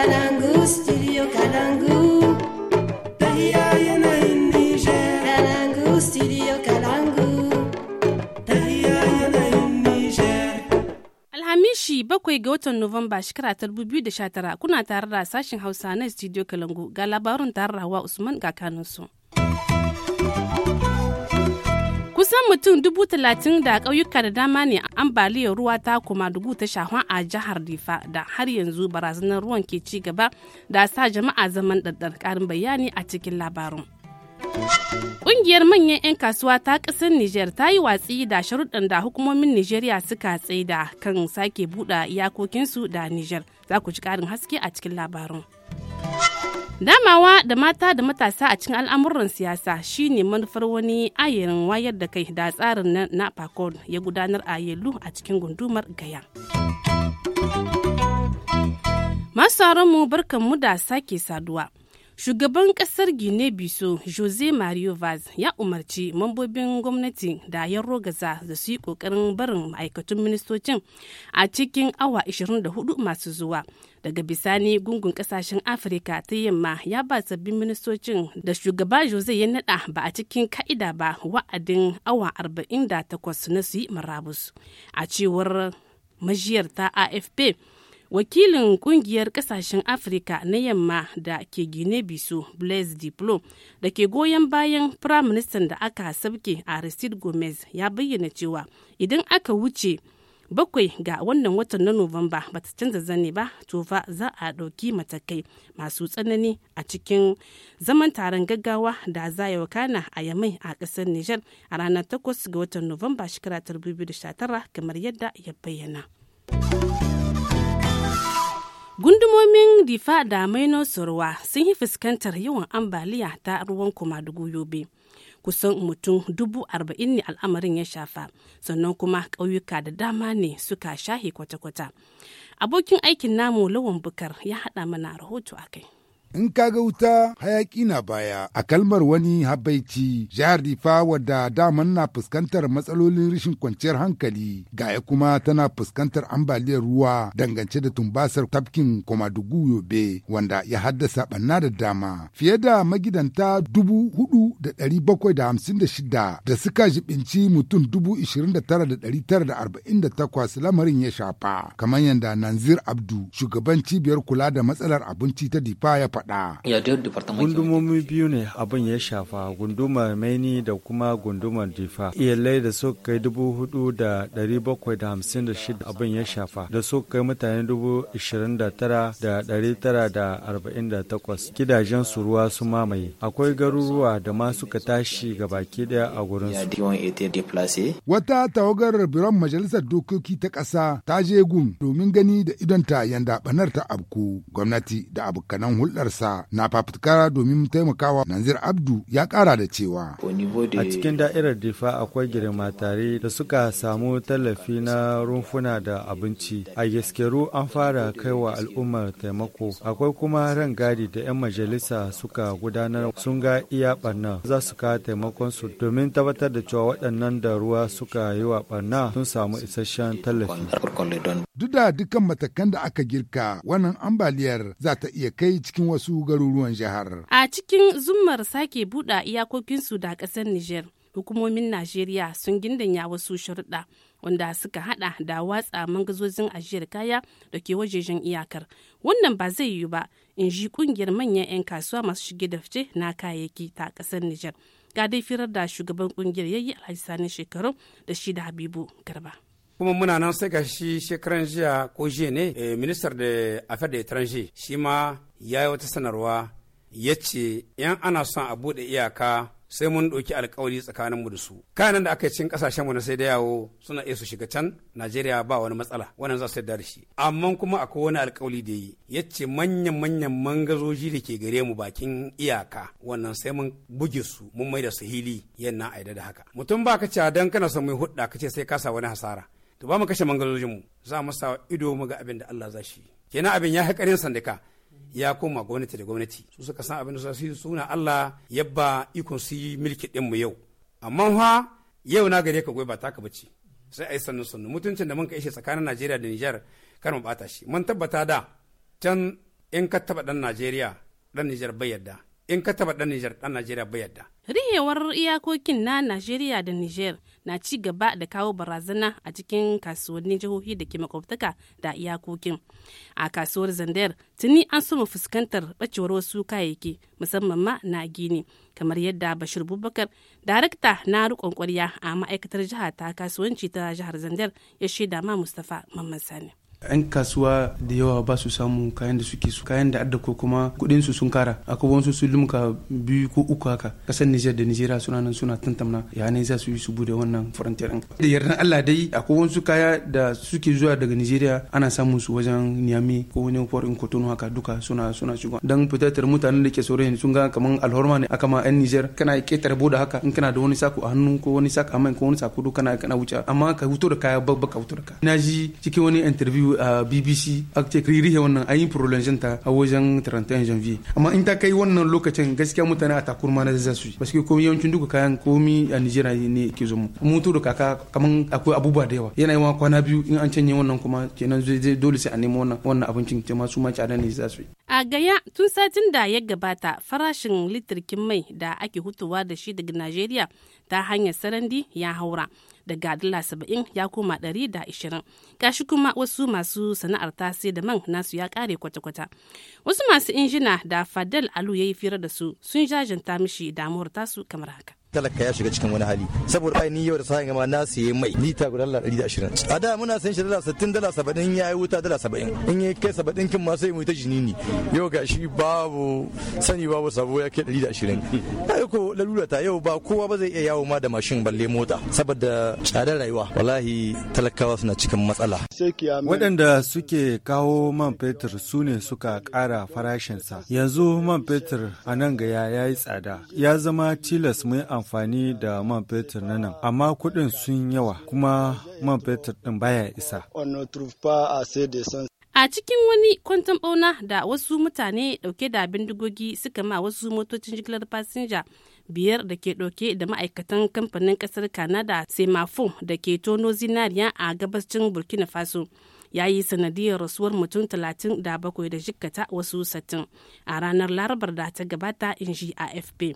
Alhamishi bakwai ga watan Nuwamba shekara ta dubu biyu da sha tara kuna tare da sashen Hausa na Studio Kalangu ga labarin tarawa Usman ga kanunsu. Kusan mutum dubu talatin da ƙauyuka da dama ne ambaliyar ruwa ta kuma dubu ta shahwa a jihar difa da har yanzu barazanar ruwan ke ci gaba da sa jama'a zaman ɗaɗɗar ƙarin bayani a cikin labarin. Ƙungiyar manyan 'yan kasuwa ta ƙasar Nijar ta yi watsi da sharuɗan da hukumomin Nijeriya suka tsaida kan sake buɗe iyakokinsu da Nijar. Za ku ji ƙarin haske a cikin labarin. Damawa da mata da matasa a cikin al'amuran siyasa shine manufar wani ayyarin wayar da kai da tsarin na, na ya gudanar a Yelu a cikin gundumar Gaya. Masu mu barkan mu da sake saduwa. Shugaban kasar Gine Biso Jose Mario Vaz ya umarci mambobin gwamnati da yan rogaza da su yi kokarin barin ma'aikatun ministocin a cikin awa 24 masu zuwa. Daga bisani gungun kasashen Afirka ta yamma ya ba sabbin ministocin da shugaba Jose ya nada ba a cikin ka'ida ba wa'adin awa 48 na su yi marabus. A cewar majiyar ta AFP wakilin kungiyar kasashen afirka na yamma da ke gine biso blaise diplo da ke goyon bayan firaministan da aka sabke aristide gomez ya bayyana cewa idan aka wuce bakwai ga wannan watan na Nuwamba ba ta canza zane ba to fa za a ɗauki matakai masu tsanani a cikin zaman taron gaggawa da za ya wakana a yamai a ƙasar niger a ranar 8 ga watan Nuwamba shekara 2019 kamar yadda ya bayyana. Gundumomin Difa da Maino sun yi fuskantar yawan ambaliya ta ruwan da Yobe. Kusan mutum dubu arba'in ne al'amarin ya shafa, sannan kuma ƙauyuka da dama ne suka shahe kwata-kwata. Abokin aikin namu Lawan Bukar ya haɗa mana rahoto a kai. in ka ga wuta hayaki na baya a kalmar wani habaici jihar difa wadda daman na fuskantar matsalolin rashin kwanciyar hankali ga ya kuma tana fuskantar ambaliyar ruwa dangance da tumbasar tafkin komadugu yobe wanda ya haddasa banna da dama fiye da magidanta dubu hudu da dari bakwai da hamsin da shida da suka jibinci mutum dubu ishirin da tara da dari tara da arba'in da takwas lamarin ya shafa kamar yadda nanzir abdu shugaban cibiyar kula da matsalar abinci ta difa ya faɗa. Gundumomi biyu ne abin ya shafa gundumar Maini da kuma gundumar Difa. Iyalai da su kai dubu hudu da ɗari bakwai da hamsin da shida abin ya shafa da su kai mutane dubu ishirin da tara da ɗari tara da arba'in da takwas. Gidajen su ruwa su mamaye. Akwai garuruwa da ma suka tashi ga baki ɗaya a gurin su. Wata tawagar biron majalisar dokoki ta ƙasa ta je gun domin gani da idonta yanda banar ta abku gwamnati da abokanan hulɗar da'iransa na fafutukara domin taimakawa Nanzir Abdu ya kara da cewa. A cikin da'irar difa akwai girma tare da suka samu tallafi na rumfuna da abinci. A Yaskeru an fara kai wa al'ummar taimako. Akwai kuma ran gadi da 'yan majalisa suka gudanar sun ga iya barna za su ka taimakon su domin tabbatar da cewa waɗannan da ruwa suka yi wa barna sun samu isasshen tallafi. Duk da dukkan matakan da aka girka wannan ambaliyar za ta iya kai cikin wasu wasu garuruwan jihar. A cikin zummar sake buɗe iyakokinsu da ƙasar Nijar, hukumomin Najeriya sun gindanya wasu sharuɗa wanda suka hada da watsa mangazozin ajiyar kaya da ke wajejen iyakar. Wannan ba zai yiwu ba, in ji ƙungiyar manyan 'yan kasuwa masu shige da fice na kayayyaki ta ƙasar Nijar. Ga dai firar da shugaban ƙungiyar yayi alhaji sani shekaru da shi da Habibu Garba. kuma muna nan sai ga shi shekaran jiya ko jiya ne eh, ministar da affaires da étranger shi ma ya yi wata sanarwa ya ce yan ana son a buɗe iyaka sai mun ɗauki alkawari mu da su kayanan da aka yi cin ƙasashen mu na sai da yawo suna iya su shiga can najeriya ba wani matsala wannan za su yarda da shi amma kuma akwai wani alkawari da yi ya ce manyan manyan mangazoji da ke gare mu bakin iyaka wannan sai mun buge su mun mai da su hili yanna aida da haka mutum ba ka ci dan kana son mai hudda ka ce sai ka sa wani hasara to ba mu kashe mangalolin mu za mu sa ido mu ga abin da Allah za shi kenan abin ya haƙarin sandika ya koma gwamnati da gwamnati su suka san abin da za su yi suna Allah yabba ikon su yi mulki din mu yau amma fa yau na gare ka goyi ba taka bace sai ai sannu sannu mutuncin da mun ka ishe tsakanin Najeriya da Niger kar mu bata shi mun tabbata da can in ka taba dan Najeriya dan Niger bai yarda in ka taba dan Niger dan Najeriya bai yarda rihewar iyakokin na Najeriya da Nijar na ci gaba da kawo barazana a cikin kasuwannin jihohi da ke makwabtaka da iyakokin a kasuwar zandar tuni an soma fuskantar bacewar wasu kayayyaki musamman ma na gini kamar yadda bashir bubakar darakta na rikon kwarya a ma'aikatar jiha ta kasuwanci ta jihar zandar ya shaida ma mustapha mamman sani 'yan kasuwa da yawa ba su samu kayan da suke su kayan da adda ko kuma kudin su sun kara akwai wasu su limka biyu ko uku haka kasar Niger da Nigeria suna nan suna tantamna ya ne za su yi su bude wannan frontier da yardan Allah dai akwai wasu kaya da suke zuwa daga Nigeria ana samun su wajen Niamey ko wani port Cotonou haka duka suna suna shigo dan fitatar mutanen da ke saurayin sun ga kaman alhorma ne aka ma 'yan Niger kana ketare boda haka in kana da wani sako a hannu ko wani sako a mai ko wani sako kana kana wuce amma ka huto da kaya babba ka huto da ka na ji cikin wani interview yanzu a bbc ake ririhe wannan ayin prolongation ta a wajen 31 janvier amma in ta kai wannan lokacin gaskiya mutane a takurma na zasu yi parce que komai yawancin duka kayan komi a nigeria ne ke zo mu mutu da kaka kaman akwai abubuwa da yawa yana yawa kwana biyu in an canye wannan kuma kenan dole sai a nemo wannan wannan abincin ta ma su ma tsada ne zasu yi A gaya tun satin da ya gabata farashin litirkin mai da ake hutuwa da shi daga Najeriya ta hanyar sarandi ya haura daga dala saba'in ya koma ɗari da ashirin. kashi kuma wasu masu sana'ar sai da man nasu ya kare kwata-kwata. Wasu masu injina da Fadel Alu ya yi fira da su sun jajanta mishi damuwar tasu kamar haka. talaka ya shiga cikin wani hali saboda ai ni yau da sahin gama na siye mai lita guda dala ɗari da ashirin a da muna san shi dala sittin dala saba'in ya yi wuta dala saba'in in ya kai saba'in kin ma sai mu ta jini ne yau ga shi babu sani babu sabo ya kai ɗari da ashirin ai ko lalura ta yau ba kowa ba zai iya yawo ma da mashin balle mota saboda tsadar rayuwa wallahi talakawa suna cikin matsala waɗanda suke kawo man fetur su ne suka ƙara farashinsa yanzu man fetur a nan gaya ya yi tsada ya zama tilas mu yi amfani da man fetur na nan, amma kuɗin sun yawa kuma man fetur ɗin baya isa. A cikin wani kwantan bauna da wasu mutane dauke da bindigogi suka ma wasu motocin jigilar fasinja biyar da ke dauke da ma'aikatan kamfanin kasar Canada Semafo da ke tono zinariya a gabascin Burkina Faso. ya yi sanadiyar rasuwar mutum 37 da jikkata wasu satin a ranar larabar da ta gabata in ji afp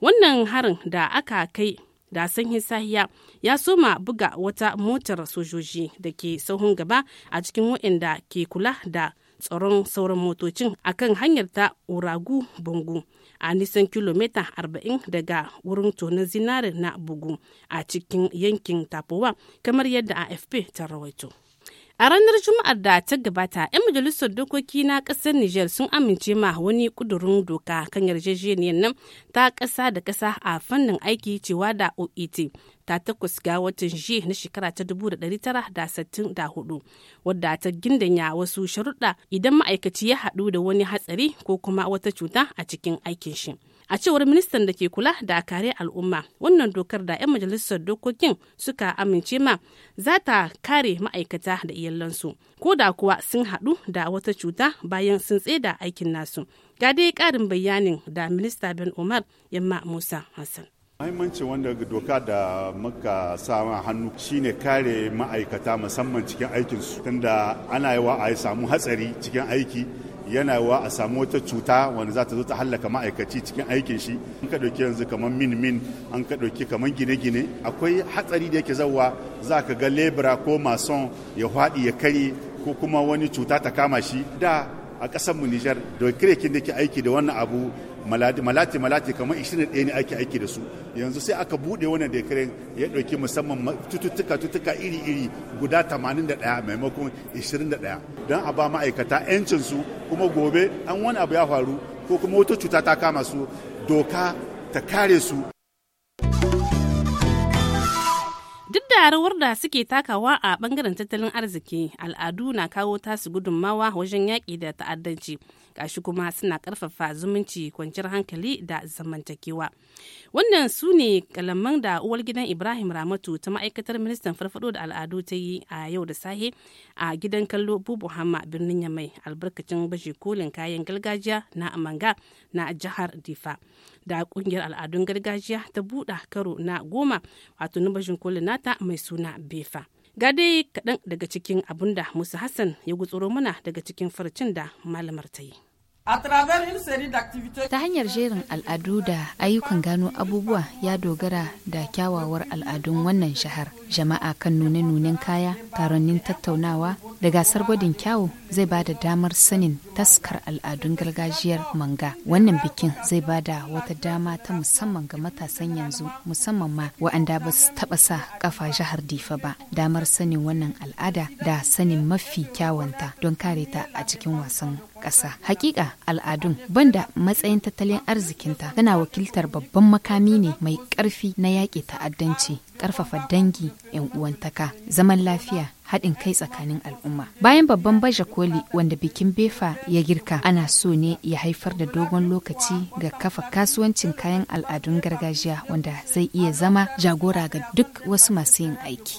wannan harin da aka kai da sanyin sahiya ya soma buga wata motar sojoji da ke sauhun gaba a cikin waɗanda ke kula da tsaron sauran motocin a kan hanyar ta uragu bungu a nisan kilomita 40 daga wurin tonon zinari na bugu a cikin yankin tapowa kamar yadda afp ta rawaito. A ranar Juma'ar da ta gabata, 'yan majalisar dokoki na ƙasar Nijar sun amince ma wani ƙudurin doka kan yarjejeniyar nan ta ƙasa da ƙasa a fannin aiki cewa da OET ta takwas ga watan jiya na shekara ta 1964 wadda ta gindanya wasu sharuɗa idan ma'aikaci ya haɗu da wani hatsari ko kuma wata cuta a cikin aikin shi. a cewar ministan da ke kula da kare al'umma wannan dokar da 'yan majalisar dokokin suka amince ma za ta kare ma'aikata da iyalansu ko da kuwa sun haɗu da wata cuta bayan sun tseda aikin nasu ga dai ƙarin bayanin da minista ben umar yamma musa hassan mahimmancin wanda doka da muka sama hannu shine kare ma'aikata musamman cikin aikinsu tunda ana yawa a samu hatsari cikin aiki yana wa a samu wata cuta wanda za ta zo ta hallaka ma'aikaci cikin aikin shi an ka ɗauki yanzu kamar min min an ka ɗauki kamar gine-gine akwai hatsari da yake zawa za ka ga lebura ko mason ya faɗi ya kare ko kuma wani cuta ta kama shi da a ƙasar mu Nijar da kirekin da ke aiki da wannan abu malati malati kamar ɗaya ne ake aiki da su yanzu sai aka buɗe wannan dekare ya ɗauki musamman tututtuka tututtuka iri-iri guda 81 maimakon 21 don a ba ma'aikata 'yancin su kuma gobe an wani abu ya faru ko kuma wata cuta ta kama su doka ta kare su Ana da suke takawa a bangaren tattalin arziki, al'adu na kawo tasu gudunmawa wajen yaƙi da ta'addanci. Gashi kuma suna ƙarfafa zumunci kwanciyar hankali da zamantakewa. Wannan su ne kalaman da uwar gidan Ibrahim Ramatu ta ma'aikatar ministan farfado da al'adu ta yi a yau da sahe a gidan kallo Bubu Hamma birnin Yamai albarkacin baje kolin kayan gargajiya na Amanga na jihar Difa. Da ƙungiyar al'adun gargajiya ta buɗa karo na goma wato na bashin kolin nata mai suna befa ga dai kaɗan daga cikin abun da musa hassan ya gutsuro mana daga cikin farcin da malamar ta yi Ta hanyar jerin al'adu da ayyukan gano abubuwa ya dogara da kyawawar al'adun wannan shahar. Jama'a kan nune-nunen kaya, taronin tattaunawa da gasar gwadin kyawu zai ba da damar sanin taskar al'adun gargajiyar manga. Wannan bikin zai ba da wata dama ta musamman ga matasan yanzu musamman ma wa'anda ba su taɓa sa kafa jihar Difa ba. Damar sanin wannan al'ada da sanin mafi kyawanta don kare ta a cikin wasan ƙasa hakika al'adun banda matsayin tattalin arzikinta tana wakiltar babban makami ne mai ƙarfi na yaƙi ta'addanci ƙarfafa dangi 'yan uwantaka zaman lafiya haɗin kai tsakanin al'umma. Bayan babban baje koli wanda bikin befa ya girka ana so ne ya haifar da dogon lokaci ga kafa kasuwancin kayan al'adun gargajiya wanda zai iya zama jagora ga duk wasu masu yin aiki.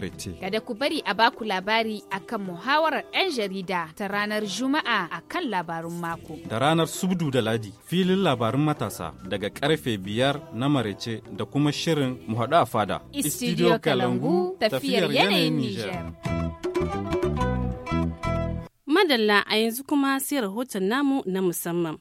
maraice. Kada ku bari a baku labari akan muhawarar 'yan jarida ta ranar Juma'a akan labarun mako. Da ranar Subdu da Ladi filin labarun matasa daga karfe biyar na maraice da kuma shirin muhaɗu a fada. Istidiyo Kalangu tafiyar yanayin Nijar. Madalla a yanzu kuma sai rahoton namu na musamman.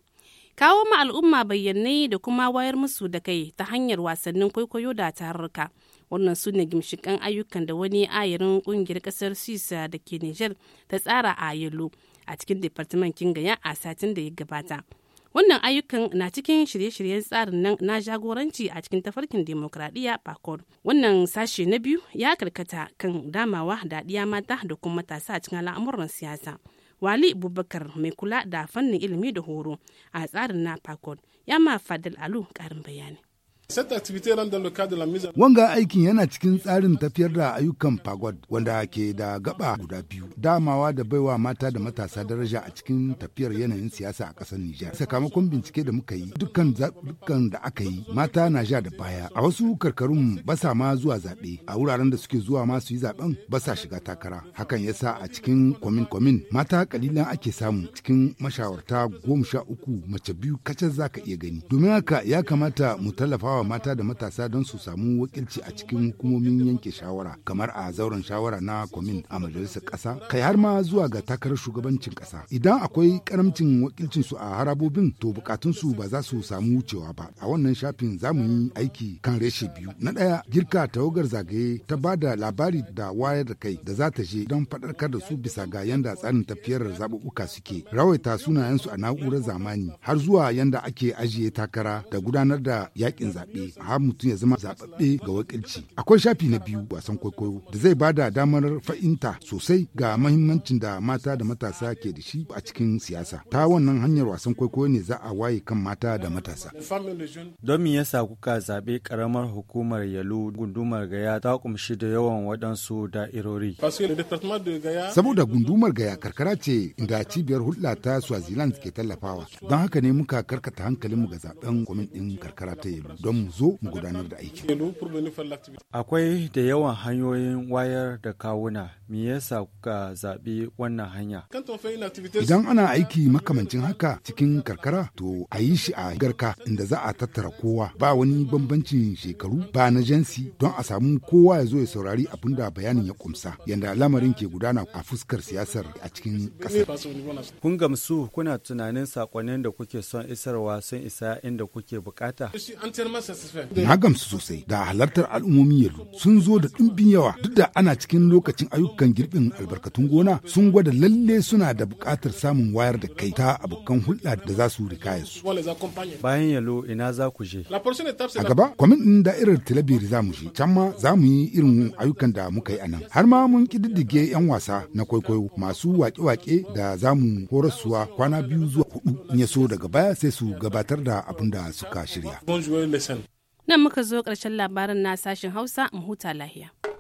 kawo ma al'umma bayyanai da kuma wayar musu da kai ta hanyar wasannin kwaikwayo da tarurruka wannan su ne gimshikan ayyukan da wani ayarin kungiyar kasar suisa da ke Nijar ta tsara a yalo a cikin departament kingaya a satin da ya gabata wannan ayyukan na cikin shirye-shiryen tsarin nan na jagoranci a cikin tafarkin demokradiyya pakor wannan sashe na biyu ya karkata kan damawa da ɗiya mata da kuma matasa a cikin al'amuran siyasa wali bubakar mai kula da fannin ilimi da horo a tsarin na pakor ya ma fadil alu karin bayani Wanga aikin yana cikin tsarin tafiyar da ayyukan Fagod wanda ke da gaba guda biyu. Damawa da baiwa mata da matasa daraja a cikin tafiyar yanayin siyasa a ƙasar Nijar. Sakamakon bincike da muka yi dukkan da aka yi mata na ja da baya. A wasu karkarun basa ma zuwa zaɓe. A wuraren da suke zuwa ma su yi zaɓen basa shiga takara. Hakan ya sa a cikin kwamin kwamin mata kalilan ake samu cikin mashawarta goma sha uku mace biyu kacal za ka iya gani. Domin haka ya kamata mu tallafa wa mata da matasa don su samu wakilci a cikin hukumomin yanke shawara kamar a zauren shawara na kwamin a majalisar ƙasa kai har ma zuwa ga takarar shugabancin ƙasa idan akwai karamcin wakilcin su a harabobin to bukatun su ba za su samu wucewa ba a wannan shafin za mu yi aiki kan reshe biyu na ɗaya girka tawagar zagaye ta ba da labari da wayar da kai da za ta je don faɗarkar da su bisa ga yanda tsarin tafiyar zaɓuɓɓuka suke rawaita sunayensu a na'urar zamani har zuwa yanda ake ajiye takara da gudanar da yakin zaɓe zaɓe har mutum ya zama zaɓaɓɓe ga wakilci. Akwai shafi na biyu wasan kwaikwayo da zai bada damar fahimta sosai ga mahimmancin da mata da matasa ke da shi a cikin siyasa. Ta wannan hanyar wasan kwaikwayo ne za a waye kan mata da matasa. Don me yasa kuka zaɓe ƙaramar hukumar Yalo gundumar Gaya ta kumshi da yawan waɗansu da'irori? Saboda gundumar Gaya karkara ce inda cibiyar hulɗa ta Swaziland ke tallafawa. Don haka ne muka karkata hankalinmu ga zaɓen kwamin ɗin karkara ta Yalo. Don mu zo mu gudanar da aiki. Akwai da yawan hanyoyin wayar da kawuna, me yasa ka zaɓi wannan hanya? Idan ana aiki makamancin haka cikin karkara, to a yi shi a garka inda za a tattara kowa ba wani bambancin shekaru ba na jinsi don a samu kowa ya zo ya saurari abin da bayanin ya kumsa yadda lamarin ke gudana a fuskar siyasar a cikin ƙasar. Kun gamsu kuna tunanin sakonnin da kuke son isarwa sun isa inda kuke bukata? Na gamsu sosai da halartar al'ummomi yanzu sun zo da ɗimbin yawa duk da ana cikin lokacin ayyukan girbin albarkatun gona sun gwada lalle suna da buƙatar samun wayar da kai ta abokan hulɗa da za su rikaya su. Bayan yalo ina za ku je. A gaba kwamin ɗin da'irar Tilabiri za mu je can ma za mu yi irin ayyukan da muka yi anan. Har ma mun ƙididdige 'yan wasa na kwaikwayo masu waƙe-waƙe da za mu horaswa kwana biyu zuwa hudu in ya so daga baya sai su gabatar da abin da suka shirya. Nan muka zo ƙarshen labarin na sashen Hausa mu huta lahiya.